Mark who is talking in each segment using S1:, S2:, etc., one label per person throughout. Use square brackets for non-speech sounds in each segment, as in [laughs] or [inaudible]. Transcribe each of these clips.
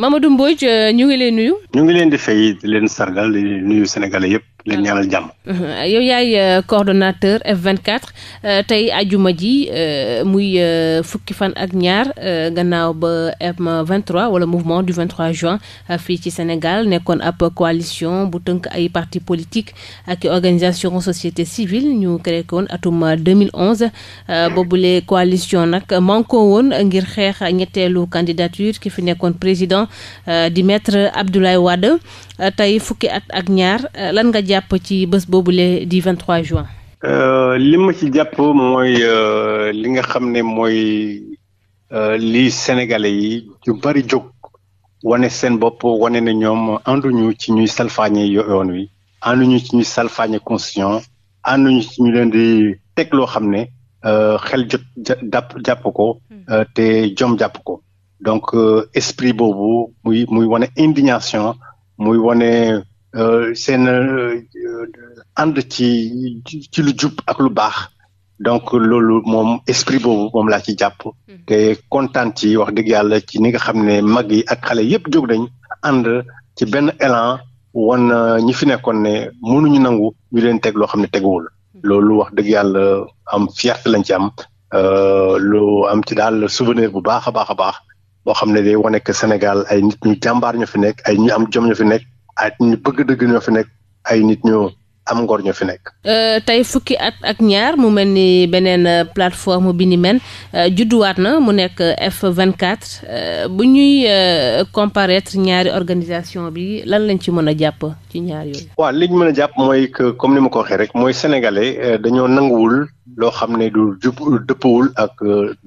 S1: Mamadou Mbodj euh, ñu ngi leen nuyu.
S2: ñu ngi leen di fay leen sargal nuyu sénégalais yëpp. leen ñaanal jàmm.
S1: [laughs] yow yaay euh, coordonnateur F24 euh, tey ajuma ji euh, muy fukki fan ak ñaar gannaaw ba M23 wala mouvement du 23 juin fii ci Sénégal nekkoon ab coalition bu tënk ay parti politique ak organisation société civile ñu créé ko woon atum 2011 boobule coalition nag manko woon ngir xeex ñetteelu candidature ki fi nekkoon président di maître Abdoulaye Wade. tey fukki at ak ñaar lan nga jàpp ci bés le di 23 juin.
S2: Euh, li ma ci jàpp mooy euh, li nga xam ne mooy euh, lii sénégalais yi yu bari jóg wane seen bopp wane na ñoom ànduñu ci ñuy salfaañe yoon wi ànduñu ci ñuy salfaañe constitution ànduñu ci ñu leen di teg loo xam ne xel jot jàpp jàpp ko hmm. te jom jàpp ko donc esprit boobu muy muy wane indignation muy wane euh, seen euh, ànd ci ci lu jub ak lu baax donc loolu moom esprit boobu moom laa ci jàpp mm-hmm. te kontaan ci wax dëgg yàlla ci ni nga xam ne mag yi ak xale yëpp jóg nañ ànd ci benn élan wan euh, ñi fi nekkoon ne mënuñu nangu ñu leen teg loo xam ne teguwul mm-hmm. lolu wax dëgg yàlla am fierté lañ ci am lu am ci daal souvenir bu baax a baax a baax boo xam ne day wane que Sénégal ay nit ñu jàmbaar ñoo fi nekk ay ñu am jom ñu fi nekk ay ñu bëgg dëgg ñu fi nekk ay nit ñu am ngor ñoo fi nekk.
S1: Euh, tey fukki at ak ñaar mu mel ni beneen euh, plateforme bi ni mel euh, judduwaat na mu nekk F24 bu ñuy comparaître ñaari organisation bi lan lañ ci mën a jàpp ci ñaar yooyu.
S2: waa li mën a jàpp mooy que comme ni ma ko waxee rek mooy sénégalais dañoo nanguwul loo xam ne du jub dëppawul ak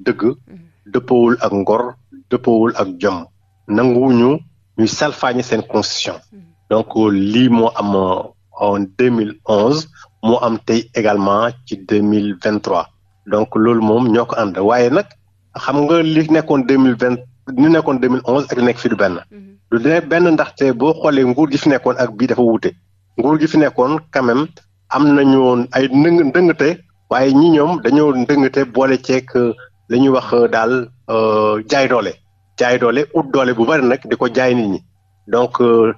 S2: dëgg mm-hmm. dëppawul ak ngor. dëppoowul ak jom nanguwuñu ñuy salfaañe seen constitution donc euh, lii moo am euh, en deux mille onze moo am tey également ci deux mille vingt donc loolu moom ñoo ko ànd waaye nag xam nga li nekkoon deux mille vingt li nekkoon deux mille onze ak li nekk fii du benn mhm. du dina benn ndaxte boo xoolee nguur gi fi nekkoon ak bii dafa wuute nguur gi fi nekkoon quand am nañu woon ay ndëng ndëngate waaye ñi ñoom dañoo ndëngate boole ceek euh, la ñuy wax euh, daal euh, jaay doole jaay doole ut doole bu bari nag di ko jaay nit ñi donc euh,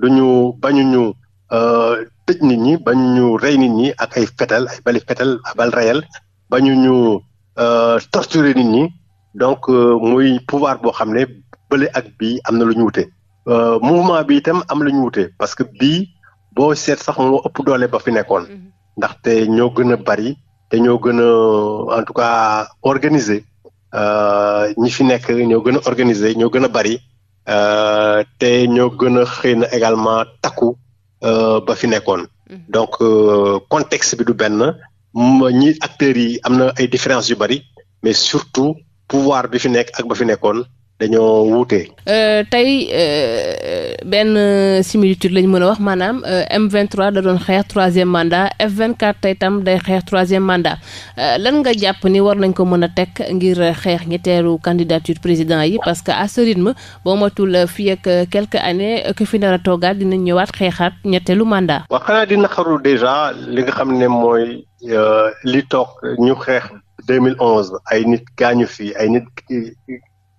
S2: du ñu bañu ñu tëj nit ñi bañu ñu rey nit ñi ak ay fetal ay bali fetal bal reyal bañu ñu torturer nit ñi donc muy pouvoir boo xam ne bële ak bii am na lu ñu wute mouvement bi itam am lu ñu wute parce que bii boo seet sax moo ëpp doole ba fi nekkoon mm-hmm. ndaxte ñoo gën bari dañoo gën a en tout cas organiser euh, ñi fi nekk ñoo gën a organiser ñoo gën a bari euh, te ñoo gën a xëy na également takku euh, ba fi nekkoon. Mm-hmm. donc contexte bi du benn ñi acteurs yi am na ay différences yu bari mais surtout pouvoir bi fi nekk ak ba fi nekkoon. dañoo wuute.
S1: Euh, tey euh, benn similitude lañ mën a wax maanaam euh, M23 da doon xeex troisième mandat vingt 24 tey tam day xeex troisième mandat lan nga jàpp ni war nañ ko mën a teg ngir xeex ñetteelu candidature président yi parce que à ce rythme boo matul fii ak quelques années fi nar a toogaat dinañ ñëwaat xeexaat ñetteelu mandat.
S2: waaw xanaa di naqaru déjà li nga xam ne mooy li toog ñu xeex 2011 ay nit gaañu fi ay nit.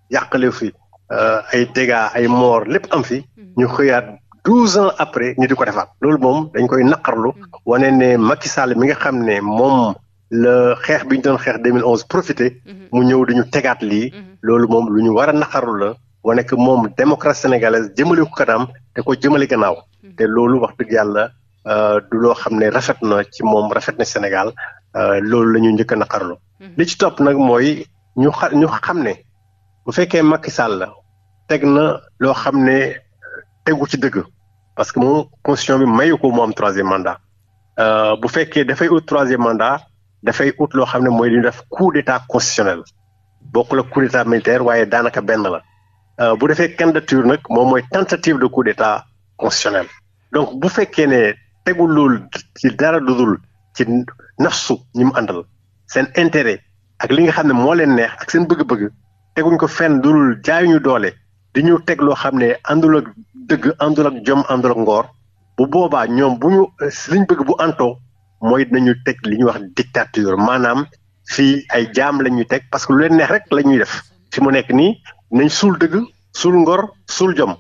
S2: yàqale fi euh, ay dégâts ay morts lépp am fi mm-hmm. ñu xëyaat douze ans après ñu di ko defaat loolu moom dañ koy naqarlu mm-hmm. wane ne Macky Sall mi nga xam ne moom la xeex bi doon xeex 2011 profité mm-hmm. mu ñëw dañu tegaat lii loolu moom lu ñu war a naqarlu la wane que moom démocratie sénégalaise jëmale ko kanam te ko jëmale gannaaw te loolu wax dëgg yàlla euh, du loo xam ne rafet na ci moom rafet na Sénégal euh, loolu lañu ñu njëkk a naqarlu li ci topp nag mooy ñu xa ñu xam ne. bu fekkee Macky Sall la teg na loo xam ne tegu ci dëgg parce que moom constitution bi mayu ko moom am troisième mandat euh, bu fekkee dafay ut troisième mandat dafay ut loo xam ne mooy li def coup d'état constitutionnel bokkul ak coup d'état militaire waaye daanaka benn la euh, bu defee candidature nag moom mooy tentative de coup d'état constitutionnel donc bu fekkee ne tegul loolu ci dara dudul ci nafsu ñi mu àndal seen intéret ak li nga xam ne moo leen neex ak seen bëgg teguñ ko fenn dul jaayuñu doole di ñu teg loo xam ne àndul dëgg àndul ak jom àndul ak ngoor bu boobaa ñoom bu liñ bëgg bu antoo mooy nañu teg li ñuy wax dictature maanaam fii ay jaam la ñuy teg parce que lu leen neex rek la ñuy def fi mu nekk nii nañ suul dëgg suul ngor suul jom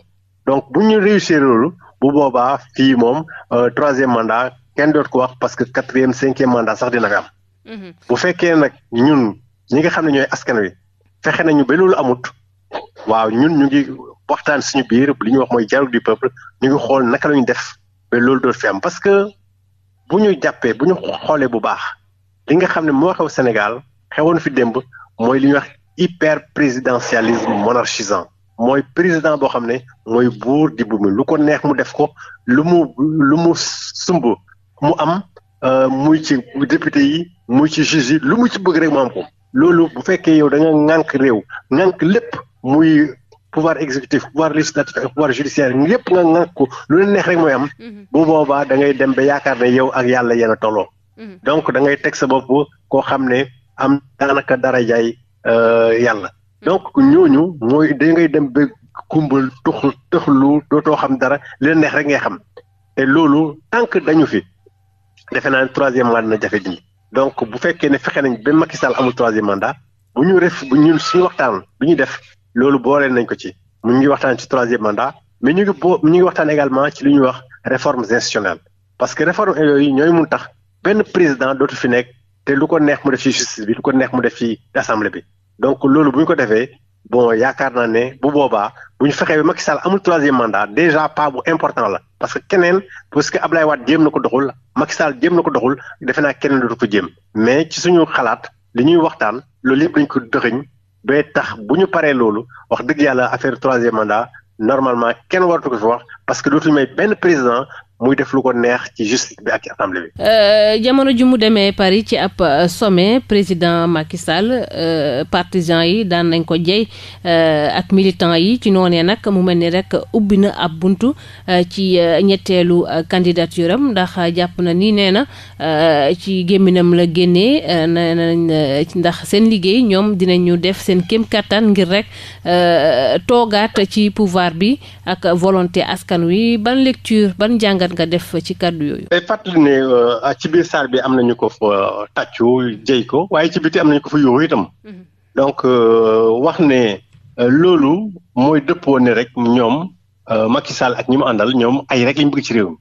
S2: donc bu ñu réussir loolu bu boobaa fii moom euh, troisième mandat kenn doot ko wax parce que quatrième cinquième mandat sax dina fi am. Mm-hmm. bu fekkee nag ñun ñi nga xam ne ñooy askan wi. fexe nañu ba loolu amut waaw ñun ñu ngi waxtaan suñu biir li ñuy wax mooy dialogue du peuple ñu ngi xool naka la ñu def ba loolu doon fi am parce que bu ñu jàppee bu ñu xoolee bu baax li nga xam ne moo xew Sénégal xewoon fi démb mooy li ñuy wax hyper présidentialisme monarchisant mooy président boo xam ne mooy buur di bu mi lu ko neex mu def ko lu mu lu mu sumb mu am euh, muy ci député yi muy ci juge yi lu mu ci bëgg rek mu ko loolu bu fekkee yow da nga réew ŋànk lépp muy pouvoir exécutif pouvoir législatif ak pouvoir judiciaire yépp nga ŋànk ko lu leen neex rek mooy am mm-hmm. bu boobaa dangay dem ba yaakaar ne yow ak yàlla yéen a tolloo mm-hmm. donc da ngay teg sa bopp koo xam ne am daanaka dara jaay euh, yàlla mm-hmm. donc ñooñu mooy da ngay dem ba kumbal tux tuxlu dootoo xam dara li leen neex rek ngay xam te loolu tant que dañu fi defe naa troisième mois dina jafe dindi donc bu fekkee ne fexe nañ ba Macky Sall amul troisième mandat bu ñu ref bu ñun suñu waxtaan bu ñu def loolu boole nañ ko ci mu ngi waxtaan ci troisième mandat mais ñu ngi bo ñu ngi waxtaan également ci lu ñuy wax réformes institutionnelles parce que réformes yooyu ñooy mun tax benn président dootu fi nekk te lu ko neex mu def ci justice bi lu ko neex mu def ci assemblée bi donc loolu bu ñu ko defee bon yaakaar naa ne bu boobaa bu ñu fexee ba Sall amul troisième mandat déjà pas bu la parce que keneen parce que Ablaye waat jéem na ko doxul Macky Sall jéem na ko doxul defe naa keneen dootu ko jëm mais ci suñu xalaat li ñuy waxtaan loolu yëpp dañ ko dëxëñ ba tax bu ñu paree loolu wax dëgg yàlla affaire troisième mandat normalement kenn waratu ko fi wax parce que dootuñu may benn président muy def lu ko neex ci justice bi ak ci
S1: bi. Euh, jamono ji mu demee Paris ci ab euh, sommet président Macky Sall euh, partisans yi daan nañ ko jey ak militants yi ci noonee nag mu mel ni rek ubbi na ab buntu ci ñetteelu candidature am ndax jàpp na ni nee na ci gémminam la génnee nee nañ ndax seen liggéey ñoom dinañu def seen kéem kattan ngir rek toogaat ci pouvoir bi ak volonté askan wi ban lecture ban jàngat. jàngat nga def ci kàddu yooyu. day fàttali
S2: euh, ci biir saal bi am nañu ko fa euh, tàccu jëy ko waaye ci biti am nañu ko fa yóoxu itam. Mhm. donc euh, wax ne loolu mooy dëppoo ne rek ñoom Macky Sall ak ñi mu àndal ñoom ay rek lañ bëgg ci réew mi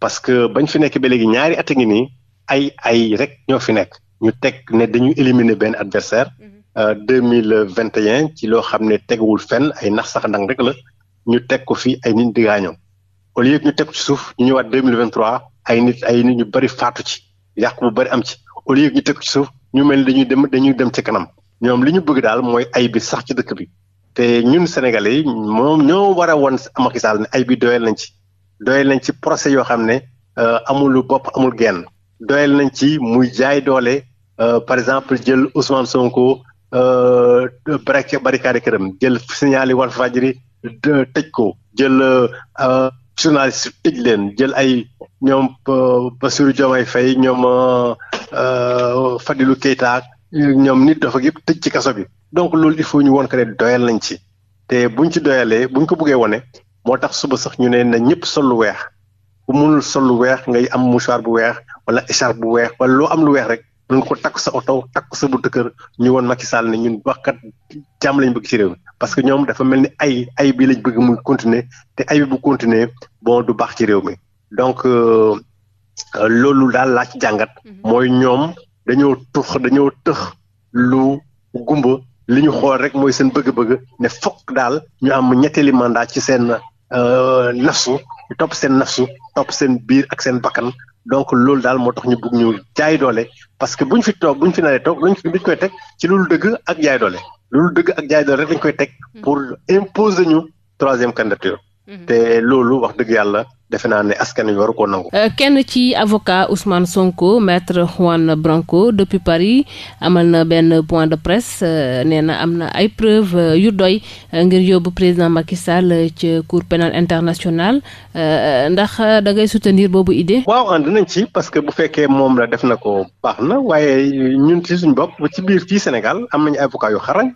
S2: parce que bañ fi nekk ba léegi ñaari at ngi nii ay ay rek ñoo fi nekk ñu teg ne dañuy éliminer benn adversaire mhm. deux mille vingt et un ci loo xam ne teguwul fenn ay nax sax ndang rek la ñu teg ko fi ay nit di au lieu ñu teg ci suuf ñu ñëwaat deux mille vingt trois ay nit ay nit ñu bëri faatu ci yàqu bu bëri am ci au lieu ñu teg ci suuf ñu mel ni dañuy dem dañuy dem ci kanam ñoom li ñu bëgg daal mooy ay bi sax ci dëkk bi te ñun sénégalais yi moom ñoo war won woon Macky ne ay bi doyal nañ ci doyal nañ ci procès yoo xam ne euh, amul lu bopp amul genn doyal nañ ci muy jaay doole euh, par exemple jël Ousmane Sonko euh, barricade këram jël signal yi Walfadjri tëj ko jël. journaliste tëj leen jël ay ñoom euh, Bassirou Diomaye Faye ñoom euh, Fadilou Keita ñoom nit dafa yëpp tëj ci kaso bi donc loolu il faut ñu woon que ne doyal nañ ci te buñ ci doyalee buñ ko bëggee wone moo tax suba sax ñu ne na ñëpp sol lu weex ku mënul sol lu weex ngay am mouchoir bu weex wala écharpe bu weex wala loo am lu weex rek nañ ko takk sa oto takk sa buntu kër ñu woon Macky Sall ne ñun waxkat jàmm lañ bëgg ci réew mi parce que ñoom dafa mel ni ay ay bi lañ bëgg muy continuer te ay bi bu continuer bon du baax ci réew mi donc euh, euh, loolu daal laa ci jàngat mhm. mooy ñoom dañoo tux dañoo tëx lu gumba li ñu xool rek mooy seen bëgg-bëgg ne fokk daal ñu am ñetteeli mandat ci seen euh, nafsu topp seen nafsu top seen biir ak seen bakkan donc loolu daal moo tax ñu bëgg ñu jaay doole parce que bu ñu fi toog bu ñu fi naree toog luñ fi duñ koy teg ci loolu dëgg ak jaay doole loolu dëgg ak jaay doole rek lañ koy teg hmm. pour imposer ñu troisième candidature. Hmm. te loolu wax dëgg yàlla defe naa ne askan wi waru ko nangu.
S1: Euh, kenn ci avocat Ousmane Sonko maître Juan Branco depuis Paris amal na benn point de presse euh, nee na am na ay preuves euh, yu doy ngir yóbbu président Macky Sall ci cour pénale internationale ndax da ngay soutenir boobu idée. waaw ànd nañ
S2: ci parce que bu fekkee moom la def na ko baax na waaye ñun ci suñ bopp ci biir fii Sénégal am nañu avocat yu xarañ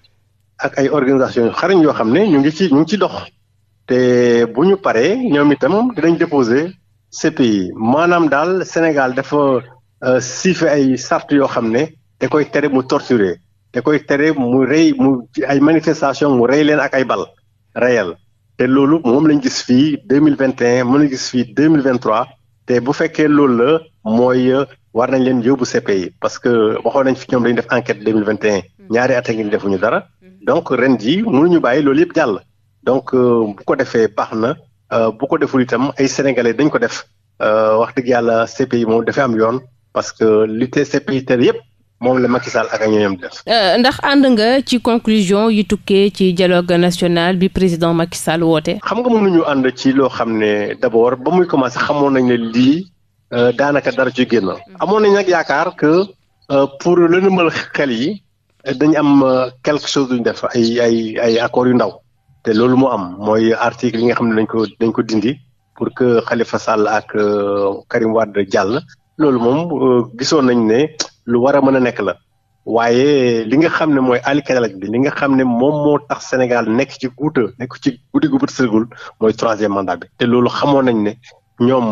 S2: ak ay organisations yu xarañ yoo xam ne ñu ngi ci ñu ngi ci dox. te bu ñu paree ñoom itam dinañ déposer CPI maanaam daal Sénégal dafa euh, siife ay sart yoo xam ne da koy tere mu torturer da koy tere mu rey mu ay manifestation mu rey leen ak ay bal reyal te loolu moom lañ gis fii deux mille vingt et un moom lañ gis fii deux mille vingt trois te bu fekkee loolu la mooy euh, war nañ leen yóbbu CPI parce que waxoon nañ fi ñoom dañu def enquête deux mille vingt et un mm. ñaari at a ngi defuñu dara mm. donc ren jii mënuñu bàyyi loolu yëpp jàll. donc euh, bu ko defee baax na euh, bu ko deful itam ay sénégalais dañ ko def euh, wax dëgg yàlla CPI moom dafa am yoon parce que li te CPI ter yëpp moom la Macky Sall ak a ñooñam def.
S1: ndax ànd nga ci conclusion yi tukkee ci dialogue national bi président Macky Sall woote.
S2: xam nga mënuñu ànd ci loo xam ne d'abord ba muy commencé xamoon nañ ne lii daanaka dara ci génn. Mhm. amoon nañ nag yaakaar que pour lëndëmal xel yi dañu am quelque chose duñ def ay ay ay accords yu ndaw. te loolu moo am mooy article yi nga xam ne dañ ko dañ ko dindi pour que Khalifa Sall ak euh, Karim Wade jàll loolu moom euh, gisoon nañ ne lu war a mën a nekk la waaye li nga xam ne mooy alkalaj bi li nga xam ne moom moo tax Sénégal nekk ci guuta nekk ci guddi gu bët sërgul mooy troisième mandat bi te loolu xamoon nañ ne ñoom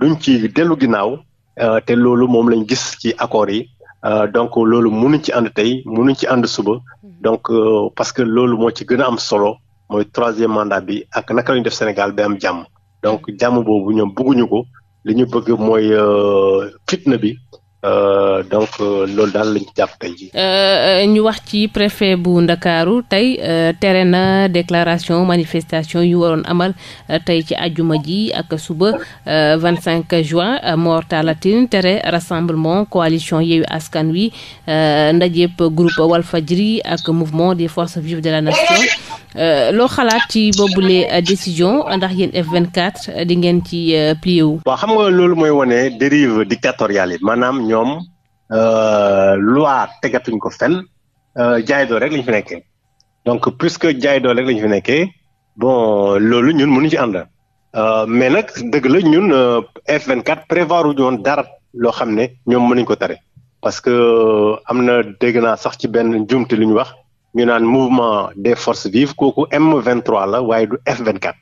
S2: duñ ci dellu ginnaaw euh, te loolu moom lañ gis ci accords yi donc loolu mënuñ ci ànd tey mënuñ ci ànd suba mm-hmm. donc parce que loolu moo ci gën a am solo mooy troisième mandat bi ak naka la def Sénégal bi am jàmm donc jàmm boobu ñoom bëgguñu ko li ñu bëgg mooy euh, fitna bi Euh, donc euh, loolu daal lañ jàpp tey
S1: jii. Euh, euh, ñu wax ci préfet bu Ndakaaru tey euh, tere na déclaration manifestation yu waroon amal tey ci ajuma ji ak suba vingt cinq juin Mor Talla Tine tere rassemblement coalition Yewwi Askan Wi ndajépp groupe Walfadjri ak mouvement des forces vives de la nation. Euh, loo xalaat ci boobu boobule euh, décision ndax yéen F24 euh, di ngeen ci plié wu. waaw
S2: xam nga loolu mooy wane dérive dictatoriale yi maanaam ñoom loi tegatuñ ko fen jaay doole rek lañ fi nekkee donc puisque jaay doole rek lañ fi nekkee bon loolu ñun mënuñ ci ànd. mais nag dëgg la ñun F24 prévoir wu ñu woon dara loo xam ne ñoom mënuñ ko tare parce que am na dégg naa sax ci benn njuumte lu ñu wax. ñu naan mouvement des forces vives kooku M23 la waaye du F24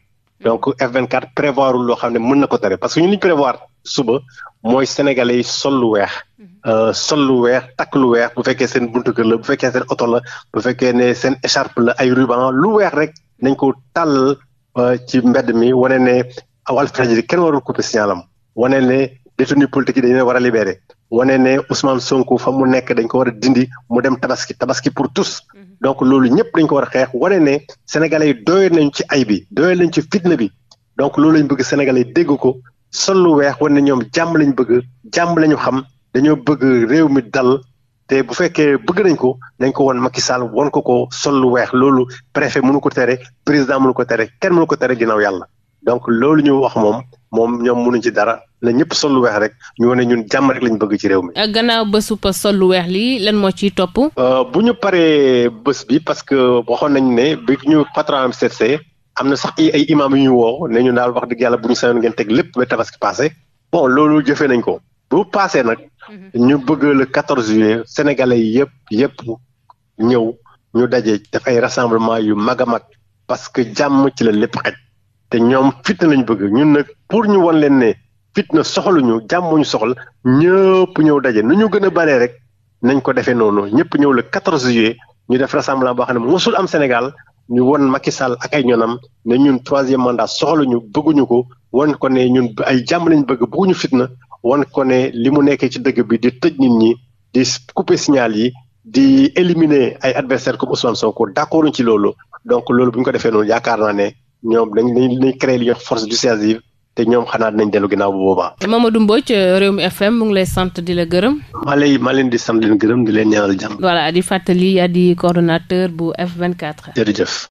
S2: donc F24 prévoirul loo xam ne mën na ko tere parce que ñu liñ prévoir suba mooy sénégalais yi sol lu weex mhm. euh, sol lu weex takk lu weex bu fekkee seen buntu kër la bu fekkee seen oto la bu fekkee ne seen écharpe la ay ruban lu weex rek nañ ko tàll euh, ci mbedd mi wane ne Walf Fadjri kenn warul couper signalam wane ne détenu politique yi dañu war a libéré wane ne Ousmane Sonko fa mu nekk dañ ko war a dindi mu dem tabaski tabaski pour tous mhm. donc loolu ñëpp dañ ko war a xeex wane ne sénégalais yi doyal nañ ci ay bi doyal nañ ci fitna bi donc loolu lañ bëgg sénégalais yi dégg ko sol lu weex wane ne ñoom jàmm lañ bëgg jàmm lañu xam dañoo bëgg réew mi dal te bu fekkee bëgg nañ ko dañ ko woon Macky Sall won ko ko sol lu weex loolu préfet mënu ko tere président mënu ko tere kenn mënu ko tere ginnaaw yàlla donc loolu ñu wax moom moom ñoom mënuñ ci dara na ñëpp sol lu weex rek ñu ne ñun jàmm rek lañ bëgg ci réew mi.
S1: Eh, gannaaw bésu pa sol lu weex lii lan moo ciy topp. Euh, bu ñu
S2: paree bés bi parce que waxoon nañ ne bi ñu patron am seetsee am na sax ay imaam yu ñu woo ne ñu daal wax dëgg yàlla bu ñu sañoon ngeen teg lépp ba tabaski passé bon loolu jëfee nañ ko bu passé nag. Mhm. ñu bëgg le 14 juillet sénégalais yëpp yëpp ñëw ñu dajee def ay rassemblement yu mag a mag parce que jàmm ci la lépp xaj. te ñoom fitna lañ bëgg ñun nag pour ñu wan leen ne fitna soxluñu jàmm ñu soxla ñëpp ñëw daje nu ñu gën a baree rek nañ ko defee noonu ñëpp ñëw la 14 juillet ñu def rassemblement boo xam ne mosul am Sénégal ñu won Macky Sall ak ay ñoonam ne ñun troisième mandat soxluñu bëgguñu ko wan ko ne ñun ay jàmm lañ bëgg bëgguñu fitna wan ko ne li mu nekkee ci dëkk bi di tëj nit ñi di couper signal yi di éliminer ay adversaires comme Ousmane Sonko d'accord ci loolu donc loolu bu ko defee noonu yaakaar naa ne. ñoom dañ dañ créer li ñuy wax force dissuasive te ñoom xanaa dinañ dellu ginnaaw bu boobaa.
S1: Mamadou réew mi FM mu ngi lay sant di la gërëm.
S2: maa lay ma leen di sant di leen gërëm di leen ñaanal jàmm.
S1: voilà di fàttali yaa di coordonnateur bu F24.
S2: jërëjëf.